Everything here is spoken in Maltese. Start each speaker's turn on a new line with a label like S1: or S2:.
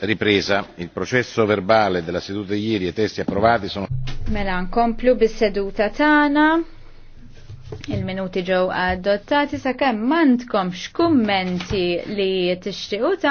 S1: ripresa. Il processo verbale della seduta di ieri e i testi approvati sono.
S2: Mela nkomplu bis-seduta tagħna. Il-minuti ġew adottati sakemm m'għandkomx x'kummenti li tixtiequ